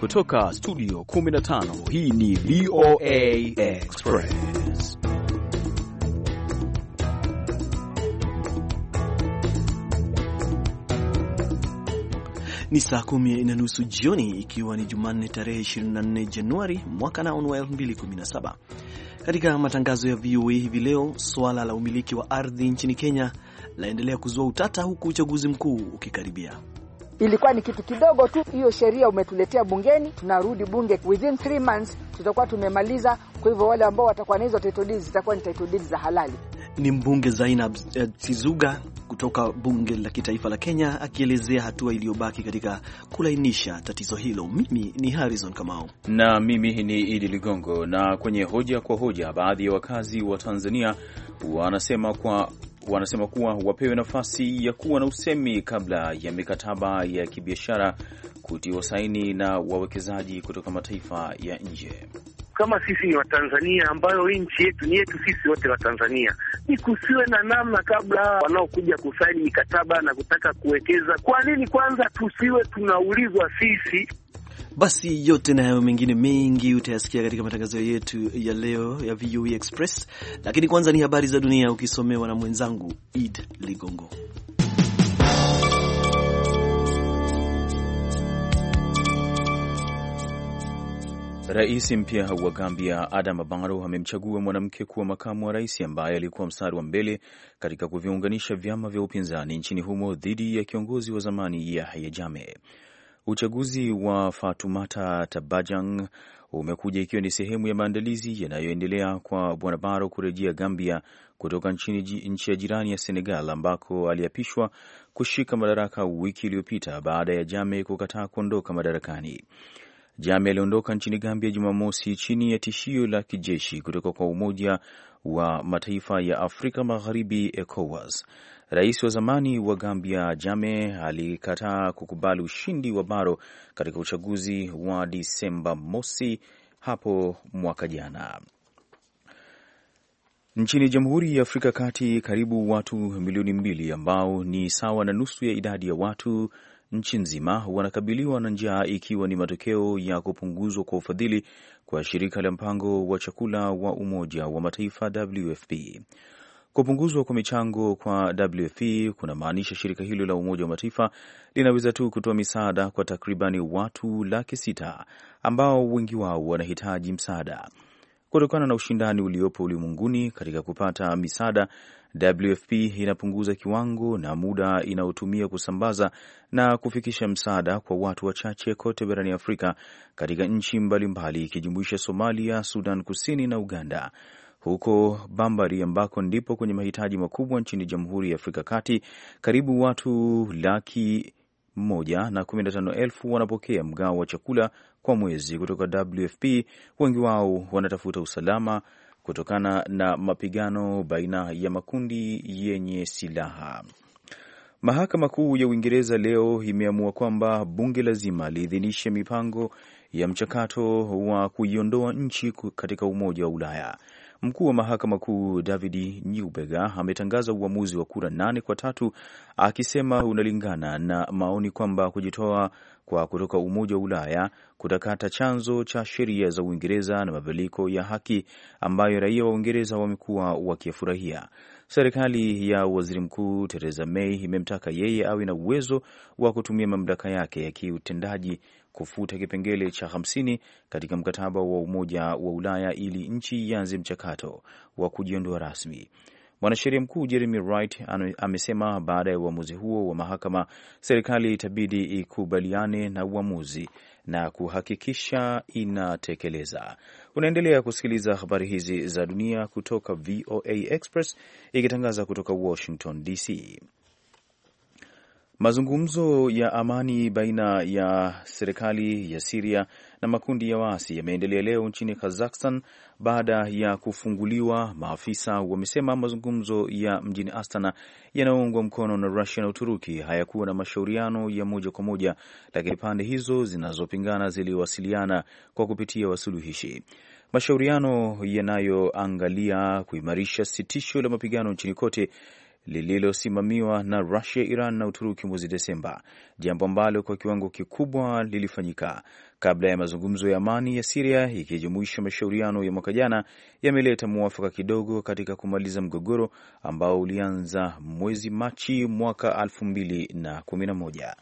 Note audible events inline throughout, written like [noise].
Kutoka studio 15 hii ni VOA Express. Ni saa kumi na nusu jioni ikiwa ni Jumanne tarehe 24 Januari mwaka naon wa 2017. Katika matangazo ya VOA hivi leo, swala la umiliki wa ardhi nchini Kenya laendelea kuzua utata huku uchaguzi mkuu ukikaribia ilikuwa ni kitu kidogo tu. Hiyo sheria umetuletea bungeni, tunarudi bunge within three months tutakuwa tumemaliza. Kwa hivyo wale ambao watakuwa na hizo title deeds zitakuwa ni title deeds za halali. Ni mbunge Zainab Sizuga eh, kutoka bunge la kitaifa la Kenya akielezea hatua iliyobaki katika kulainisha tatizo hilo. Mimi ni Harrison Kamau na mimi ni Idi Ligongo, na kwenye hoja kwa hoja, baadhi ya wakazi wa Tanzania wanasema kwa wanasema kuwa wapewe nafasi ya kuwa na usemi kabla ya mikataba ya kibiashara kutiwa saini na wawekezaji kutoka mataifa ya nje. Kama sisi ni Watanzania, ambayo hii nchi yetu ni yetu sisi wote Watanzania, ni kusiwe na namna kabla wanaokuja kusaini mikataba na kutaka kuwekeza. Kwa nini kwanza tusiwe tunaulizwa sisi? Basi yote na hayo mengine mengi utayasikia katika matangazo yetu ya leo ya VUE Express, lakini kwanza ni habari za dunia ukisomewa na mwenzangu Id Ligongo. Rais mpya wa Gambia Adama Barrow amemchagua mwanamke kuwa makamu wa rais ambaye alikuwa mstari wa mbele katika kuviunganisha vyama vya upinzani nchini humo dhidi ya kiongozi wa zamani Yahya Jammeh. Uchaguzi wa Fatumata Tabajang umekuja ikiwa ni sehemu ya maandalizi yanayoendelea kwa Bwana Baro kurejea Gambia kutoka nchi ya jirani ya Senegal ambako aliapishwa kushika madaraka wiki iliyopita baada ya Jame kukataa kuondoka madarakani. Jame aliondoka nchini Gambia Jumamosi chini ya tishio la kijeshi kutoka kwa Umoja wa Mataifa ya Afrika Magharibi, ECOWAS. Rais wa zamani wa Gambia Jame alikataa kukubali ushindi wa Baro katika uchaguzi wa Disemba mosi hapo mwaka jana. Nchini Jamhuri ya Afrika Kati, karibu watu milioni mbili ambao ni sawa na nusu ya idadi ya watu nchi nzima wanakabiliwa na njaa ikiwa ni matokeo ya kupunguzwa kwa ufadhili kwa shirika la mpango wa chakula wa Umoja wa Mataifa WFP. Kupunguzwa kwa michango kwa WFP e kunamaanisha shirika hilo la Umoja wa Mataifa linaweza tu kutoa misaada kwa takribani watu laki sita ambao wengi wao wanahitaji msaada. Kutokana na ushindani uliopo ulimwenguni katika kupata misaada, WFP e inapunguza kiwango na muda inayotumia kusambaza na kufikisha msaada kwa watu wachache kote barani Afrika katika nchi mbalimbali ikijumuisha Somalia, Sudan Kusini na Uganda huko Bambari ambako ndipo kwenye mahitaji makubwa nchini Jamhuri ya Afrika Kati. Karibu watu laki moja na kumi na tano elfu wanapokea mgao wa chakula kwa mwezi kutoka WFP. Wengi wao wanatafuta usalama kutokana na mapigano baina ya makundi yenye silaha. Mahakama Kuu ya Uingereza leo imeamua kwamba bunge lazima liidhinishe mipango ya mchakato wa kuiondoa nchi katika Umoja wa Ulaya. Mkuu wa mahakama kuu David Nyubega ametangaza uamuzi wa kura nane kwa tatu akisema unalingana na maoni kwamba kujitoa kwa kutoka Umoja wa Ulaya kutakata chanzo cha sheria za Uingereza na mabadiliko ya haki ambayo raia wa Uingereza wamekuwa wakifurahia. Serikali ya waziri mkuu Theresa May imemtaka yeye awe na uwezo wa kutumia mamlaka yake ya kiutendaji kufuta kipengele cha 50 katika mkataba wa Umoja wa Ulaya ili nchi ianze mchakato wa kujiondoa rasmi. Mwanasheria mkuu Jeremy Wright amesema baada ya uamuzi huo wa mahakama, serikali itabidi ikubaliane na uamuzi na kuhakikisha inatekeleza. Unaendelea kusikiliza habari hizi za dunia kutoka VOA Express ikitangaza kutoka Washington DC. Mazungumzo ya amani baina ya serikali ya Siria na makundi ya waasi yameendelea leo nchini Kazakhstan baada ya kufunguliwa. Maafisa wamesema mazungumzo ya mjini Astana yanayoungwa mkono na Rusia na Uturuki hayakuwa na mashauriano ya moja kwa moja, lakini pande hizo zinazopingana ziliwasiliana kwa kupitia wasuluhishi. Mashauriano yanayoangalia kuimarisha sitisho la mapigano nchini kote lililosimamiwa na Rusia, Iran na Uturuki mwezi Desemba, jambo ambalo kwa kiwango kikubwa lilifanyika kabla ya mazungumzo ya amani ya Siria ikijumuisha mashauriano ya mwaka jana, yameleta mwafaka kidogo katika kumaliza mgogoro ambao ulianza mwezi Machi mwaka 2011.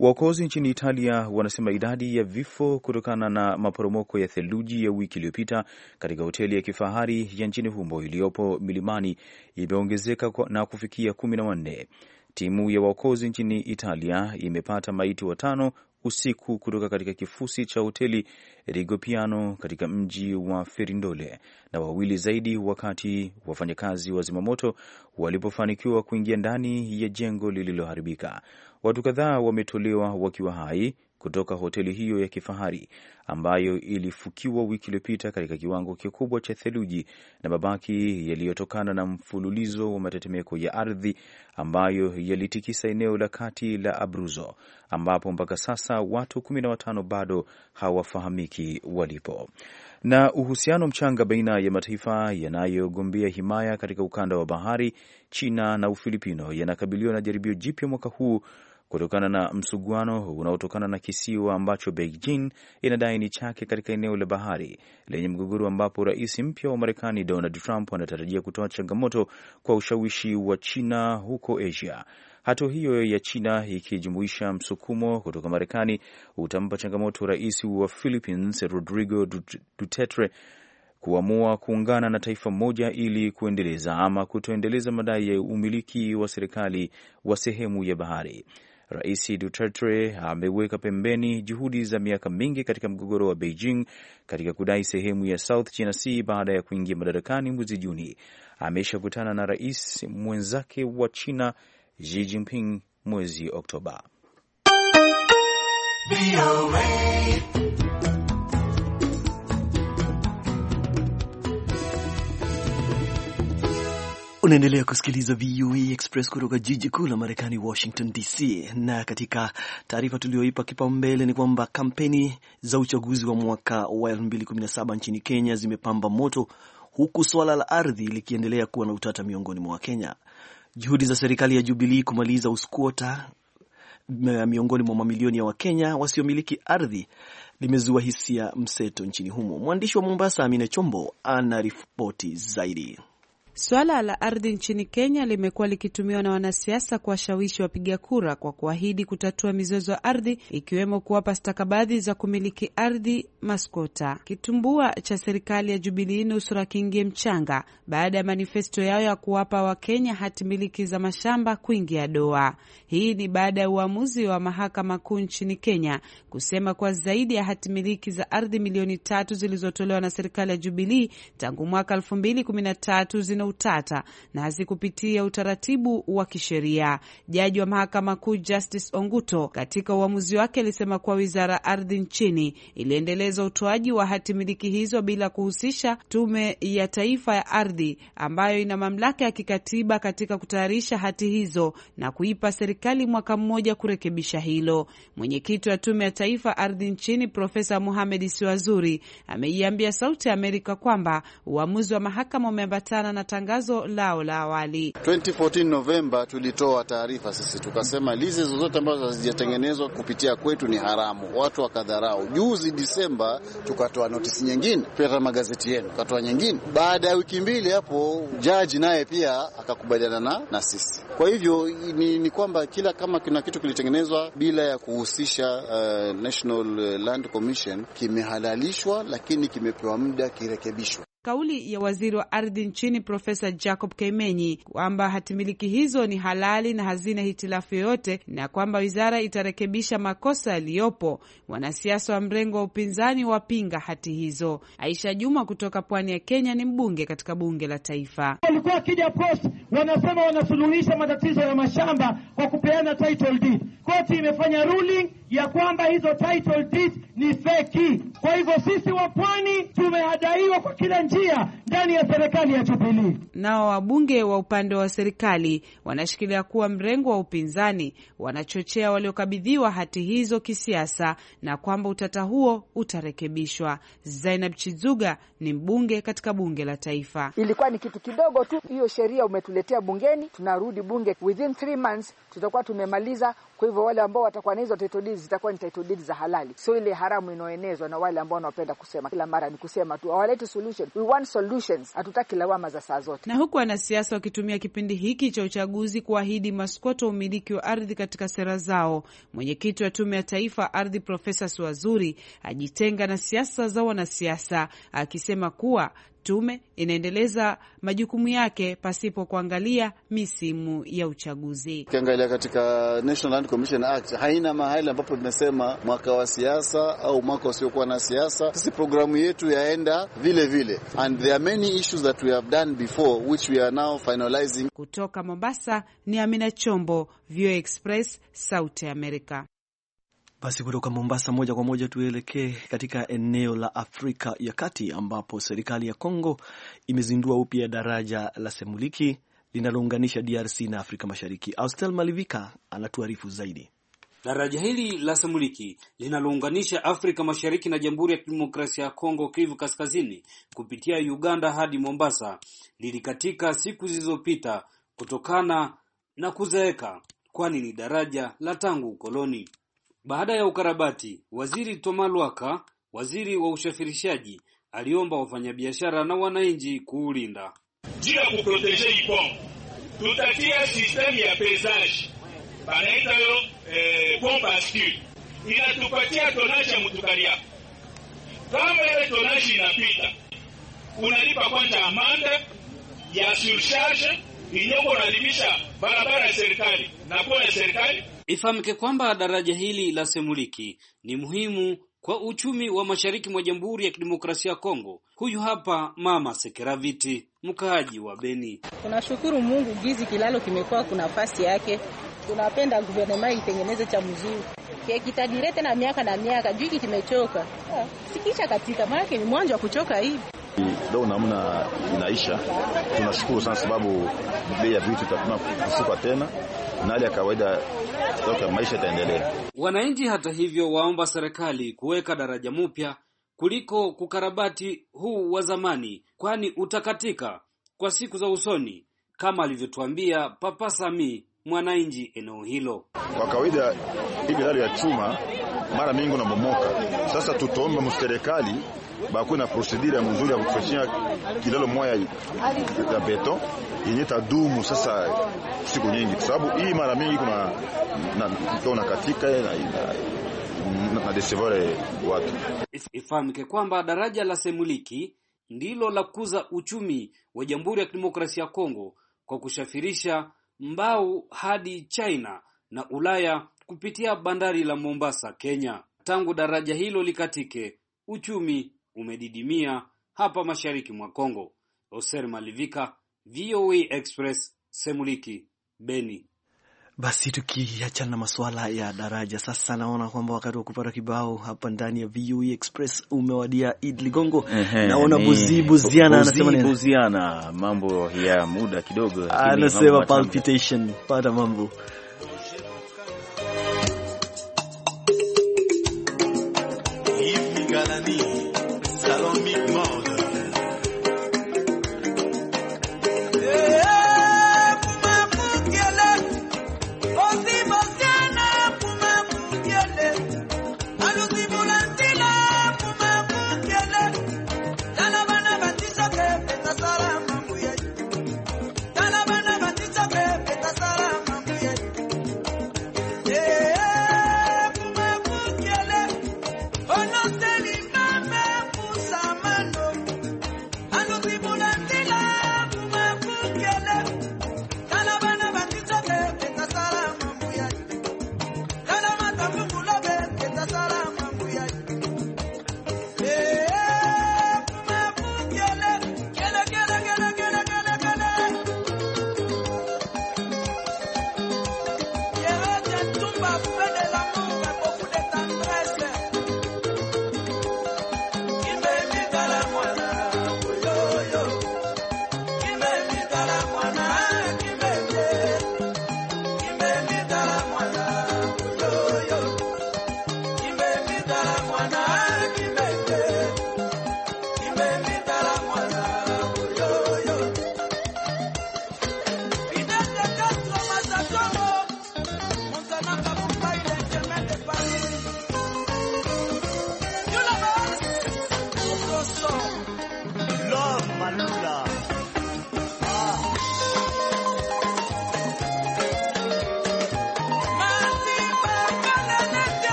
Waokozi nchini Italia wanasema idadi ya vifo kutokana na maporomoko ya theluji ya wiki iliyopita katika hoteli ya kifahari ya nchini humo iliyopo milimani imeongezeka na kufikia kumi na wanne. Timu ya waokozi nchini Italia imepata maiti watano usiku kutoka katika kifusi cha hoteli Rigopiano katika mji wa Ferindole na wawili zaidi wakati wafanyakazi wa zimamoto walipofanikiwa kuingia ndani ya jengo lililoharibika. Watu kadhaa wametolewa wakiwa hai kutoka hoteli hiyo ya kifahari ambayo ilifukiwa wiki iliyopita katika kiwango kikubwa cha theluji na mabaki yaliyotokana na mfululizo wa matetemeko ya ardhi ambayo yalitikisa eneo la kati la Abruzzo, ambapo mpaka sasa watu kumi na watano bado hawafahamiki walipo. Na uhusiano mchanga baina ya mataifa yanayogombea himaya katika ukanda wa bahari, China na Ufilipino yanakabiliwa na jaribio jipya mwaka huu kutokana na msuguano unaotokana na kisiwa ambacho Beijing inadai ni chake katika eneo la bahari lenye mgogoro, ambapo rais mpya wa Marekani Donald Trump anatarajia kutoa changamoto kwa ushawishi wa China huko Asia. Hatua hiyo ya China ikijumuisha msukumo kutoka Marekani utampa changamoto rais wa Philippines Rodrigo Duterte kuamua kuungana na taifa moja ili kuendeleza ama kutoendeleza madai ya umiliki wa serikali wa sehemu ya bahari. Rais Duterte ameweka pembeni juhudi za miaka mingi katika mgogoro wa Beijing katika kudai sehemu ya South China Sea baada ya kuingia madarakani mwezi Juni. Ameshakutana na rais mwenzake wa China Xi Jinping mwezi Oktoba. Unaendelea kusikiliza VOA e Express kutoka jiji kuu la Marekani, Washington DC. Na katika taarifa tuliyoipa kipaumbele ni kwamba kampeni za uchaguzi wa mwaka wa 2017 nchini Kenya zimepamba moto, huku swala la ardhi likiendelea kuwa na utata miongoni mwa Wakenya. Juhudi za serikali ya Jubilii kumaliza uskuota eh, miongoni mwa mamilioni ya Wakenya wasiomiliki ardhi limezua hisia mseto nchini humo. Mwandishi wa Mombasa, Amina Chombo, ana ripoti zaidi. Swala la ardhi nchini Kenya limekuwa likitumiwa na wanasiasa kuwashawishi wapiga kura kwa kuahidi kutatua mizozo ya ardhi, ikiwemo kuwapa stakabadhi za kumiliki ardhi maskota. Kitumbua cha serikali ya Jubilii nusura kiingie mchanga baada ya manifesto yao ya kuwapa Wakenya hati miliki za mashamba kuingia doa. Hii ni baada ya uamuzi wa mahakama kuu nchini Kenya kusema kuwa zaidi ya hati miliki za ardhi milioni tatu zilizotolewa na serikali ya Jubilii tangu mwaka 2013 zina utata na hazikupitia utaratibu wa kisheria. Jaji wa mahakama kuu Justice Onguto katika uamuzi wake alisema kuwa wizara ya ardhi nchini iliendeleza utoaji wa hati miliki hizo bila kuhusisha tume ya taifa ya ardhi ambayo ina mamlaka ya kikatiba katika kutayarisha hati hizo na kuipa serikali serikali mwaka mmoja kurekebisha hilo. Mwenyekiti wa Tume ya Taifa Ardhi nchini Profesa Muhamed Siwazuri ameiambia Sauti ya Amerika kwamba uamuzi wa mahakama umeambatana na tangazo lao la awali. 2014 Novemba tulitoa taarifa sisi, tukasema lizi zozote ambazo hazijatengenezwa kupitia kwetu ni haramu, watu wakadharau. Juzi Disemba tukatoa notisi nyingine pia, magazeti yenu tukatoa nyingine. Baada ya wiki mbili hapo, jaji naye pia akakubaliana na sisi. Kwa hivyo ni, ni kwamba kila kama kuna kitu kilitengenezwa bila ya kuhusisha uh, National uh, Land Commission kimehalalishwa, lakini kimepewa muda kirekebishwe. Kauli ya waziri wa ardhi nchini Profesa Jacob Kaimenyi kwamba hatimiliki hizo ni halali na hazina hitilafu yoyote na kwamba wizara itarekebisha makosa yaliyopo. Wanasiasa wa mrengo wa upinzani wapinga hati hizo. Aisha Juma kutoka pwani ya Kenya ni mbunge katika bunge la taifa. Walikuwa wakija post, wanasema wanasuluhisha matatizo ya mashamba kwa kupeana title deed. Koti imefanya ruling ya kwamba hizo title deeds ni feki. Kwa hivyo sisi wa pwani tumehadaiwa kwa kila njia ndani ya serikali ya Jubilee. Nao wabunge wa upande wa serikali wanashikilia kuwa mrengo wa upinzani wanachochea waliokabidhiwa hati hizo kisiasa na kwamba utata huo utarekebishwa. Zainab Chizuga ni mbunge katika bunge la taifa. Ilikuwa ni kitu kidogo tu, hiyo sheria umetuletea bungeni, tunarudi bunge within three months tutakuwa tumemaliza kwa hivyo wale ambao watakuwa na hizo title deeds zitakuwa ni title deeds za halali, sio ile haramu inayoenezwa na wale ambao wanapenda kusema kila mara. Ni kusema tu hawaleti solution, we want solutions. Hatutaki lawama za saa zote. Na huku wanasiasa wakitumia kipindi hiki cha uchaguzi kuahidi maskoto wa umiliki wa ardhi katika sera zao, mwenyekiti wa Tume ya Taifa Ardhi Profesa Swazuri ajitenga na siasa za wanasiasa akisema kuwa Tume inaendeleza majukumu yake pasipo kuangalia misimu ya uchaguzi. Ukiangalia katika National Land Commission Act haina mahali ambapo imesema mwaka wa siasa au mwaka usiokuwa na siasa. Sisi programu yetu yaenda vile vile, and there are many issues that we have done before which we are now finalizing. Kutoka Mombasa ni Amina Chombo, VOA Express, Sauti ya Amerika. Basi kutoka Mombasa moja kwa moja tuelekee katika eneo la Afrika ya Kati ambapo serikali ya Kongo imezindua upya daraja la Semuliki linalounganisha DRC na Afrika Mashariki. Austel Malivika anatuarifu zaidi. Daraja hili la Semuliki linalounganisha Afrika Mashariki na Jamhuri ya Kidemokrasia ya Kongo, Kivu Kaskazini, kupitia Uganda hadi Mombasa, lilikatika siku zilizopita kutokana na kuzeeka, kwani ni daraja la tangu ukoloni. Baada ya ukarabati, Waziri Toma Lwaka, waziri wa ushafirishaji, aliomba wafanyabiashara na wananchi kuulinda. Juu ya kuproteje tutatia sistemu ya pesage banaita yo eh, bombascule inatupatia tonaje ya mutukaliako. Kama ile tonaje inapita, unalipa kwanza amanda ya surcharge inyoko, unalimisha barabara ya serikali na pole ya serikali Ifahamike kwamba daraja hili la Semuliki ni muhimu kwa uchumi wa mashariki mwa Jamhuri ya Kidemokrasia ya Kongo. Huyu hapa Mama Sekeraviti, mkaaji wa Beni. Tunashukuru Mungu gizi kilalo kimekuwa kuna nafasi yake, tunapenda guvernema itengeneze cha mzuri kitajilete na miaka na miaka juiki kimechoka ah, sikisha katika maanake ni mwanzo wa kuchoka hivi Leo namna inaisha, tunashukuru sana sababu bei ya vitu itatuma kusuka tena na hali ya kawaida toka maisha itaendelea. Wananchi hata hivyo waomba serikali kuweka daraja mpya kuliko kukarabati huu wa zamani, kwani utakatika kwa siku za usoni, kama alivyotuambia Papa Sami, mwananchi eneo hilo. Kwa kawaida hivi hali ya chuma mara mingi unabomoka. Sasa tutaomba mserikali bakuwe na procedure ya mzuri ya kufanyia kilalo moya ya beto yenye tadumu sasa siku nyingi, kwa sababu hii mara mingi kuna na katika na, na, na desevore watu. Ifahamike kwamba daraja la Semuliki ndilo la kuza uchumi wa Jamhuri ya Kidemokrasia ya Kongo kwa kushafirisha mbao hadi China na Ulaya kupitia bandari la Mombasa, Kenya. Tangu daraja hilo likatike, uchumi umedidimia hapa mashariki mwa Kongo. Oser Malivika, VOA Express, Semuliki, Beni. Basi tukiachana na masuala ya daraja, sasa naona kwamba wakati wa kupata kibao hapa ndani ya VOA Express umewadia. Id Ligongo, naona buzi buziana, anasema nini? Buziana, mambo ya muda kidogo, anasema palpitation. Pata mambo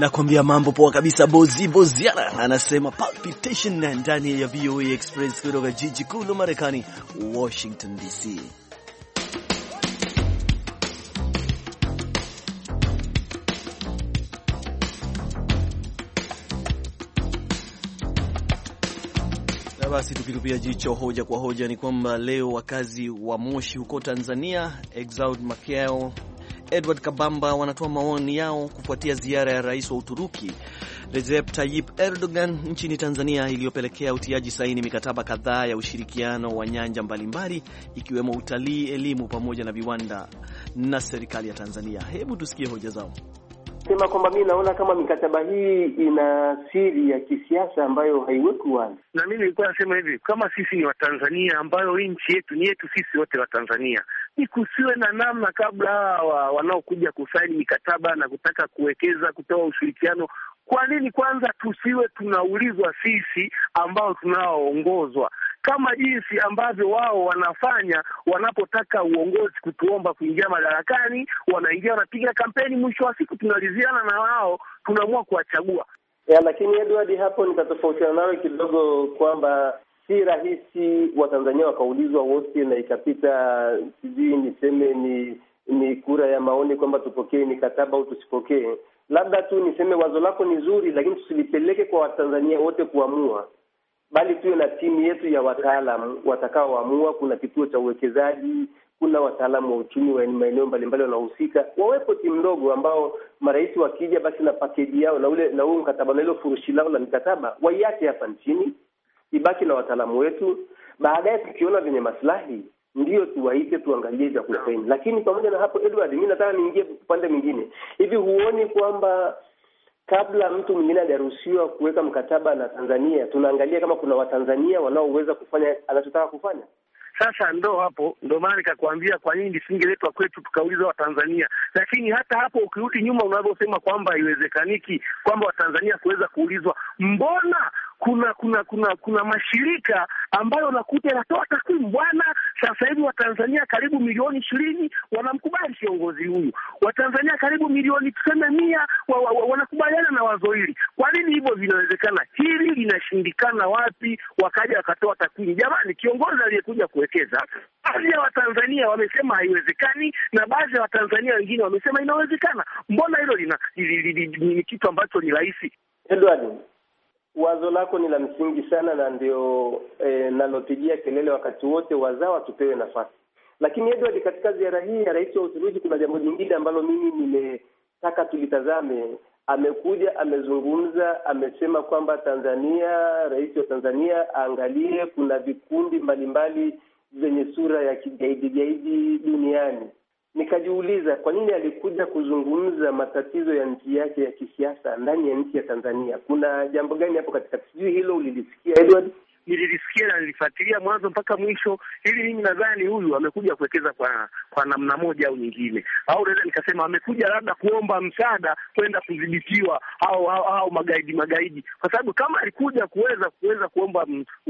nakwambia mambo poa kabisa. Bozi Boziana anasema palpitation ndani ya VOA Express kutoka jiji kuu la Marekani, Washington DC. Basi tukitupia jicho hoja kwa hoja, ni kwamba leo wakazi wa Moshi huko Tanzania, Exaud Makeo Edward Kabamba wanatoa maoni yao kufuatia ziara ya rais wa Uturuki Recep Tayyip Erdogan nchini Tanzania iliyopelekea utiaji saini mikataba kadhaa ya ushirikiano wa nyanja mbalimbali ikiwemo utalii, elimu pamoja na viwanda na serikali ya Tanzania. Hebu tusikie hoja zao sema kwamba mi naona kama mikataba hii ina siri ya kisiasa ambayo haiweki wazi, na mimi nilikuwa nasema hivi, kama sisi ni Watanzania, ambayo hii nchi yetu ni yetu sisi wote Watanzania, ni kusiwe na namna kabla hawa wanaokuja kusaini mikataba na kutaka kuwekeza, kutoa ushirikiano kwa nini kwanza tusiwe tunaulizwa sisi ambao tunaoongozwa kama jinsi ambavyo wao wanafanya wanapotaka uongozi kutuomba kuingia madarakani, wanaingia wanapiga kampeni, mwisho wa siku tunaliziana na wao, tunaamua kuwachagua. Ya, lakini Edward, hapo nikatofautiana nawe kidogo kwamba si rahisi Watanzania wakaulizwa wote na ikapita, sijui niseme ni ni kura ya maoni kwamba tupokee mikataba au tusipokee. Labda tu niseme wazo lako ni zuri, lakini tusilipeleke kwa Watanzania wote kuamua, bali tuwe na timu yetu ya wataalamu watakaoamua. Kuna kituo cha uwekezaji, kuna wataalamu wa uchumi wa maeneo mbalimbali wanaohusika, wawepo timu ndogo ambao marais wakija, basi na pakeji yao na ule na huo mkataba na ilo furushi lao la mikataba waiache hapa nchini, ibaki na wataalamu wetu. Baadaye tukiona vyenye maslahi ndio tuwaite tuangalie vyakula vyenu. Lakini pamoja na hapo, Edward, mi nataka niingie upande mwingine. Hivi huoni kwamba kabla mtu mwingine hajaruhusiwa kuweka mkataba na Tanzania, tunaangalia kama kuna Watanzania wanaoweza kufanya anachotaka kufanya? Sasa ndo hapo, ndo maana nikakwambia kwa nini lisingeletwa kwetu tukauliza Watanzania. Lakini hata hapo ukirudi nyuma, unavyosema kwamba haiwezekaniki kwamba Watanzania kuweza kuulizwa, mbona kuna kuna kuna kuna mashirika ambayo unakuta yanatoa takwimu, bwana, sasa hivi Watanzania karibu milioni ishirini wanamkubali kiongozi huyu, Watanzania karibu milioni tuseme mia wa, wa, wa, wanakubaliana na wazo hili. Kwa nini hivyo vinawezekana, hili linashindikana wapi? Wakaja wakatoa takwimu. Jamani, kiongozi aliyekuja kuwekeza, baadhi ya Watanzania wamesema haiwezekani na baadhi ya Watanzania wengine wamesema inawezekana. Mbona hilo lina ni kitu ambacho ni rahisi Edward Wazo lako ni la msingi sana na ndio e, nalopigia kelele wakati wote, wazawa tupewe nafasi. Lakini Edward, katika ziara hii ya rais wa Uturuki kuna jambo jingine ambalo mimi nimetaka tulitazame. Amekuja amezungumza, amesema kwamba Tanzania, rais wa Tanzania aangalie kuna vikundi mbalimbali zenye sura ya kigaidi gaidi duniani Nikajiuliza kwa nini alikuja kuzungumza matatizo ya nchi yake ya kisiasa ndani ya nchi ya Tanzania? Kuna jambo gani hapo katikati? Sijui hilo ulilisikia Edward? nililisikia na nilifuatilia mwanzo mpaka mwisho. Hili mimi nadhani huyu amekuja kuwekeza kwa kwa namna moja au nyingine, au naweza nikasema amekuja labda kuomba msaada kwenda kudhibitiwa au, au, au magaidi magaidi, kwa sababu kama alikuja kuweza kuweza kuomba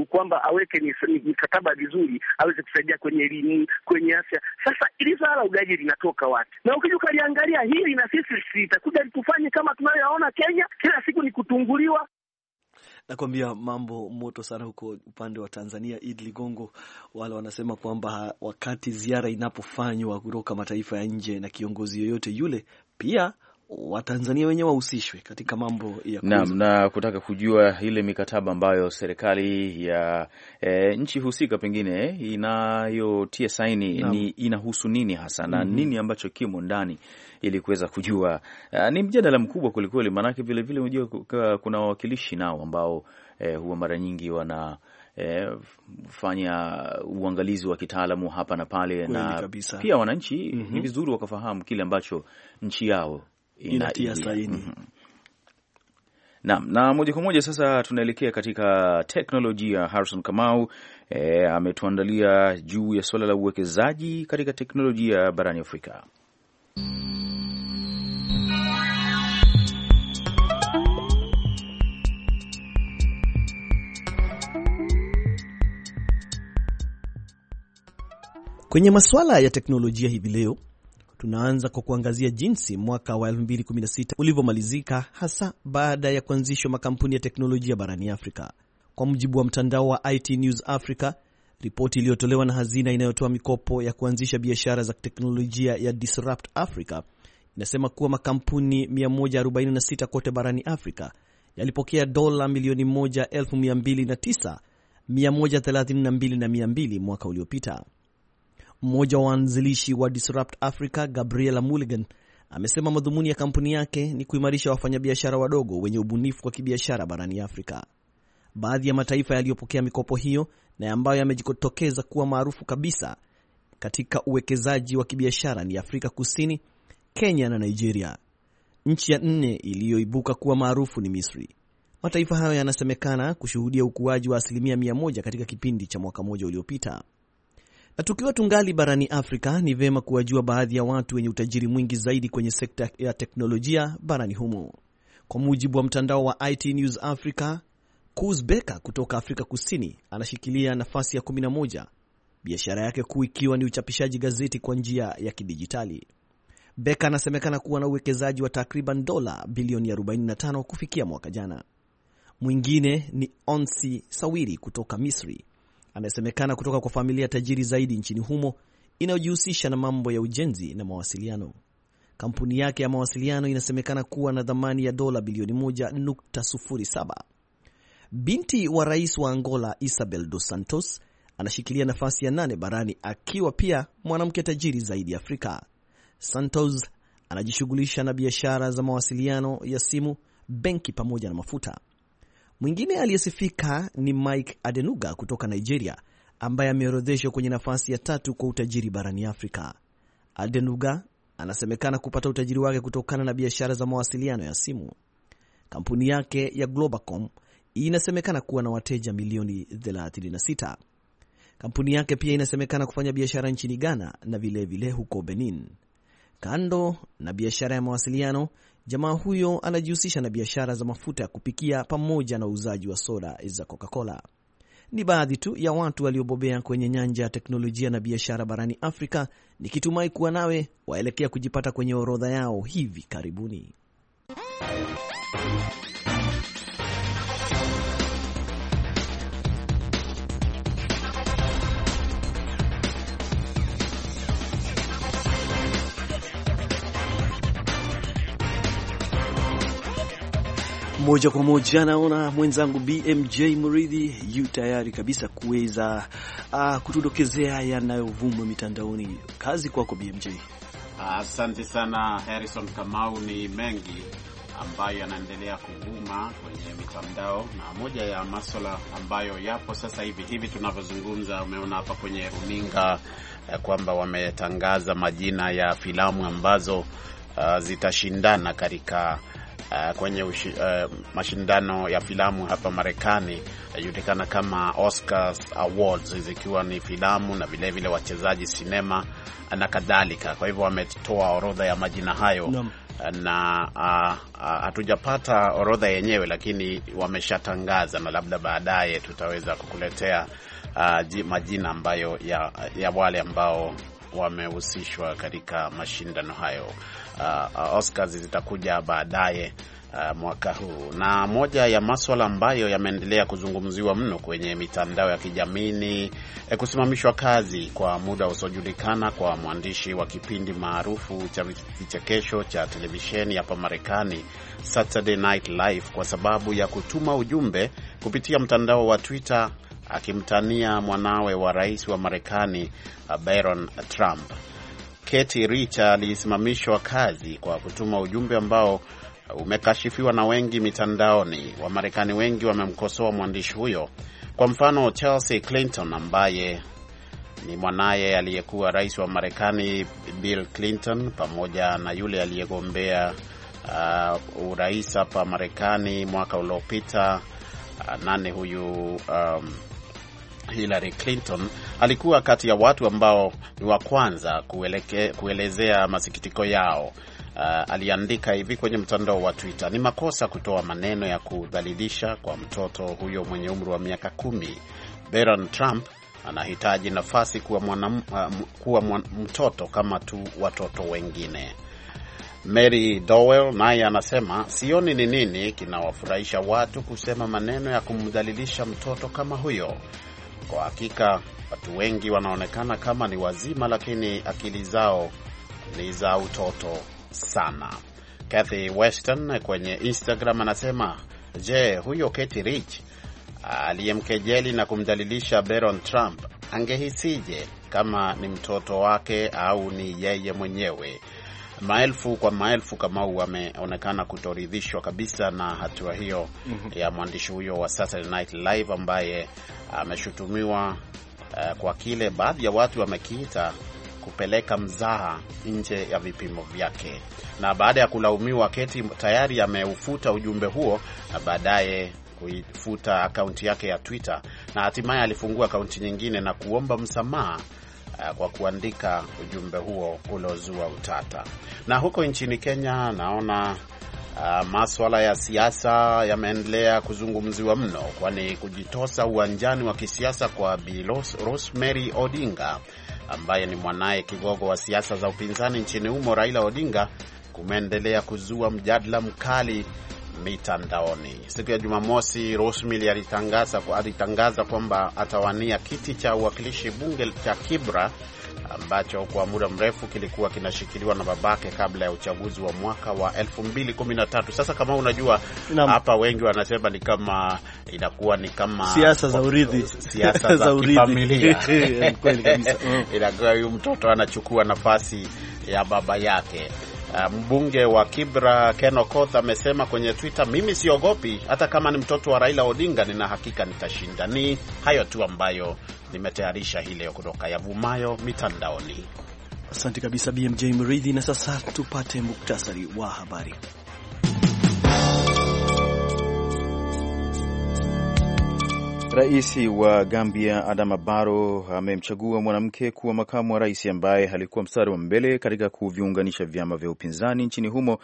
kwamba aweke mikataba vizuri aweze kusaidia kwenye elimu, kwenye afya. Sasa ili swala la ugaidi linatoka wapi? Na ukija ukaliangalia hili na sisi litakuja litufanye kama tunayoyaona Kenya, kila siku ni kutunguliwa Nakwambia mambo moto sana huko upande wa Tanzania. Id Ligongo, wale wanasema kwamba wakati ziara inapofanywa kutoka mataifa ya nje na kiongozi yoyote yule, pia Watanzania wenyewe wahusishwe katika mambo ya naam, na kutaka kujua ile mikataba ambayo serikali ya e, nchi husika pengine inayotia saini ni inahusu nini hasa na mm -hmm. nini ambacho kimo ndani ili kuweza kujua. A, ni mjadala mkubwa kwelikweli, maanake vilevile unajua kuna wawakilishi nao ambao e, huwa mara nyingi wana E, fanya uangalizi wa kitaalamu hapa na pale, na pale pia wananchi mm -hmm. ni mhm. vizuri wakafahamu kile ambacho nchi yao inatia saini. Mhm. mm -hmm. Naam, na moja kwa moja sasa tunaelekea katika teknolojia. Harrison Kamau e, ametuandalia juu ya suala la uwekezaji katika teknolojia barani Afrika. Kwenye masuala ya teknolojia hivi leo Tunaanza kwa kuangazia jinsi mwaka wa 2016 ulivyomalizika hasa baada ya kuanzishwa makampuni ya teknolojia barani Afrika. Kwa mujibu wa mtandao wa IT News Africa, ripoti iliyotolewa na hazina inayotoa mikopo ya kuanzisha biashara za teknolojia ya Disrupt Africa inasema kuwa makampuni 146 kote barani Afrika yalipokea dola milioni 1,209,132,200 mwaka uliopita. Mmoja wa waanzilishi wa Disrupt Africa, Gabriela Mulligan, amesema madhumuni ya kampuni yake ni kuimarisha wafanyabiashara wadogo wenye ubunifu wa kibiashara barani Afrika. Baadhi ya mataifa yaliyopokea mikopo hiyo na ambayo yamejitokeza kuwa maarufu kabisa katika uwekezaji wa kibiashara ni Afrika Kusini, Kenya na Nigeria. Nchi ya nne iliyoibuka kuwa maarufu ni Misri. Mataifa hayo yanasemekana kushuhudia ukuaji wa asilimia mia moja katika kipindi cha mwaka mmoja uliopita. Na tukiwa tungali barani Afrika, ni vema kuwajua baadhi ya watu wenye utajiri mwingi zaidi kwenye sekta ya teknolojia barani humo. Kwa mujibu wa mtandao wa IT News Africa, Kuz Beka kutoka Afrika Kusini anashikilia nafasi ya 11, biashara yake kuu ikiwa ni uchapishaji gazeti kwa njia ya kidijitali. Beka anasemekana kuwa na uwekezaji wa takriban dola bilioni 45 kufikia mwaka jana. Mwingine ni Onsi Sawiri kutoka Misri amesemekana kutoka kwa familia tajiri zaidi nchini humo inayojihusisha na mambo ya ujenzi na mawasiliano. Kampuni yake ya mawasiliano inasemekana kuwa na thamani ya dola bilioni 1.07. Binti wa rais wa Angola Isabel Dos Santos anashikilia nafasi ya nane barani akiwa pia mwanamke tajiri zaidi Afrika. Santos anajishughulisha na biashara za mawasiliano ya simu, benki pamoja na mafuta. Mwingine aliyesifika ni Mike Adenuga kutoka Nigeria, ambaye ameorodheshwa kwenye nafasi ya tatu kwa utajiri barani Afrika. Adenuga anasemekana kupata utajiri wake kutokana na biashara za mawasiliano ya simu. Kampuni yake ya Globacom inasemekana kuwa na wateja milioni 36. Kampuni yake pia inasemekana kufanya biashara nchini Ghana na vilevile vile huko Benin. Kando na biashara ya mawasiliano, Jamaa huyo anajihusisha na biashara za mafuta ya kupikia pamoja na uuzaji wa soda za Coca-Cola. Ni baadhi tu ya watu waliobobea kwenye nyanja ya teknolojia na biashara barani Afrika, nikitumai kuwa nawe waelekea kujipata kwenye orodha yao hivi karibuni. moja kwa moja naona mwenzangu BMJ Muridhi yu tayari kabisa kuweza uh, kutudokezea yanayovuma mitandaoni. Kazi kwako BMJ. Asante sana Harrison Kamau. Ni mengi ambayo yanaendelea kuvuma kwenye mitandao, na moja ya maswala ambayo yapo sasa hivi hivi tunavyozungumza, umeona hapa kwenye runinga eh, kwamba wametangaza majina ya filamu ambazo uh, zitashindana katika uh, kwenye ushi, uh, mashindano ya filamu hapa Marekani yajulikana uh, kama Oscars Awards, zikiwa ni filamu na vilevile wachezaji sinema na kadhalika. Kwa hivyo wametoa orodha ya majina hayo no na uh, uh, hatujapata orodha yenyewe, lakini wameshatangaza na labda baadaye tutaweza kukuletea uh, majina ambayo ya, ya wale ambao wamehusishwa katika mashindano hayo. Uh, uh, Oscars zitakuja baadaye uh, mwaka huu. Na moja ya maswala ambayo yameendelea kuzungumziwa mno kwenye mitandao ya kijamii ni eh, kusimamishwa kazi kwa muda usiojulikana kwa mwandishi wa kipindi maarufu cha vichekesho cha televisheni hapa Marekani, Saturday Night Live, kwa sababu ya kutuma ujumbe kupitia mtandao wa Twitter akimtania mwanawe wa rais wa Marekani uh, Baron Trump. Katie Richa alisimamishwa kazi kwa kutuma ujumbe ambao uh, umekashifiwa na wengi mitandaoni. Wamarekani wengi wamemkosoa mwandishi huyo. Kwa mfano, Chelsea Clinton ambaye ni mwanaye aliyekuwa rais wa Marekani Bill Clinton pamoja na yule aliyegombea uh, urais hapa Marekani mwaka uliopita uh, nani huyu um, Hillary Clinton alikuwa kati ya watu ambao ni wa kwanza kueleke, kuelezea masikitiko yao. Uh, aliandika hivi kwenye mtandao wa Twitter: ni makosa kutoa maneno ya kudhalilisha kwa mtoto huyo mwenye umri wa miaka kumi. Donald Trump anahitaji nafasi kuwa, mwana, uh, kuwa mwana, mtoto kama tu watoto wengine. Mary Dowell naye anasema sioni ni nini kinawafurahisha watu kusema maneno ya kumdhalilisha mtoto kama huyo. Kwa hakika watu wengi wanaonekana kama ni wazima, lakini akili zao ni za utoto sana. Kathy Weston kwenye Instagram anasema, je, huyo Katie Rich aliyemkejeli na kumjalilisha Baron Trump angehisije kama ni mtoto wake au ni yeye mwenyewe? maelfu kwa maelfu Kamau wameonekana kutoridhishwa kabisa na hatua hiyo mm -hmm. ya mwandishi huyo wa Saturday Night Live ambaye ameshutumiwa uh, kwa kile baadhi ya watu wamekiita kupeleka mzaha nje ya vipimo vyake. Na baada ya kulaumiwa, Keti tayari ameufuta ujumbe huo na baadaye kuifuta akaunti yake ya Twitter na hatimaye alifungua akaunti nyingine na kuomba msamaha Eh, kwa kuandika ujumbe huo uliozua utata. Na huko nchini Kenya naona Uh, maswala ya siasa yameendelea kuzungumziwa mno, kwani kujitosa uwanjani wa kisiasa kwa Bi Rosemary Odinga ambaye ni mwanaye kigogo wa siasa za upinzani nchini humo Raila Odinga kumeendelea kuzua mjadala mkali mitandaoni. Siku ya Jumamosi, Rosemary alitangaza alitangaza kwamba atawania kiti cha uwakilishi bunge cha Kibra ambacho kwa muda mrefu kilikuwa kinashikiliwa na babake kabla ya uchaguzi wa mwaka wa 2013. Sasa kama unajua hapa wengi wanasema ni kama inakuwa ni kama siasa za urithi, [laughs] siasa za [laughs] familia. [laughs] Inakuwa huyu mtoto anachukua nafasi ya baba yake. Uh, mbunge wa Kibra Ken Okoth amesema kwenye Twitter, mimi siogopi, hata kama ni mtoto wa Raila Odinga, nina hakika nitashinda. Ni hayo tu ambayo nimetayarisha hii leo kutoka yavumayo mitandaoni. Asante kabisa BMJ Mridhi, na sasa tupate muktasari wa habari. Rais wa Gambia Adama Barrow amemchagua mwanamke kuwa makamu wa rais ambaye alikuwa mstari wa mbele katika kuviunganisha vyama vya upinzani nchini humo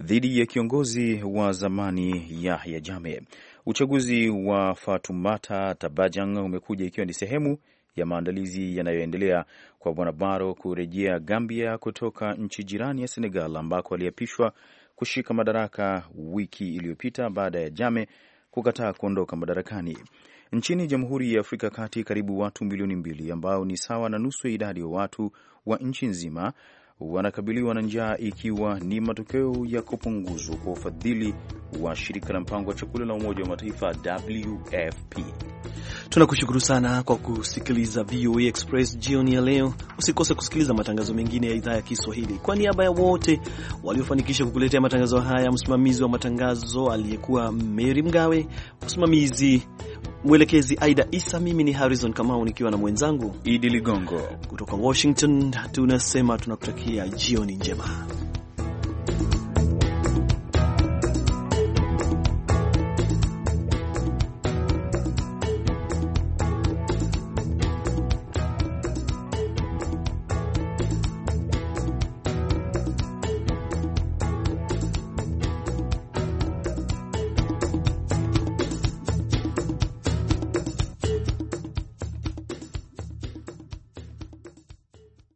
dhidi ya kiongozi wa zamani Yahya Jammeh. Uchaguzi wa Fatumata Tabajang umekuja ikiwa ni sehemu ya maandalizi yanayoendelea kwa bwana Barrow kurejea Gambia kutoka nchi jirani ya Senegal ambako aliapishwa kushika madaraka wiki iliyopita baada ya Jammeh kukataa kuondoka madarakani. Nchini Jamhuri ya Afrika Kati, karibu watu milioni mbili ambao ni sawa na nusu ya idadi ya watu wa nchi nzima wanakabiliwa na njaa, ikiwa ni matokeo ya kupunguzwa kwa ufadhili wa shirika la mpango wa chakula la Umoja wa Mataifa WFP. Tunakushukuru sana kwa kusikiliza VOA Express jioni ya leo. Usikose kusikiliza matangazo mengine ya idhaa ya Kiswahili. Kwa niaba ya wote waliofanikisha kukuletea matangazo haya, msimamizi wa matangazo aliyekuwa Mary Mgawe, msimamizi mwelekezi Aida Isa, mimi ni Harrison Kamau nikiwa na mwenzangu Idi Ligongo kutoka Washington, tunasema tunakutakia jioni njema.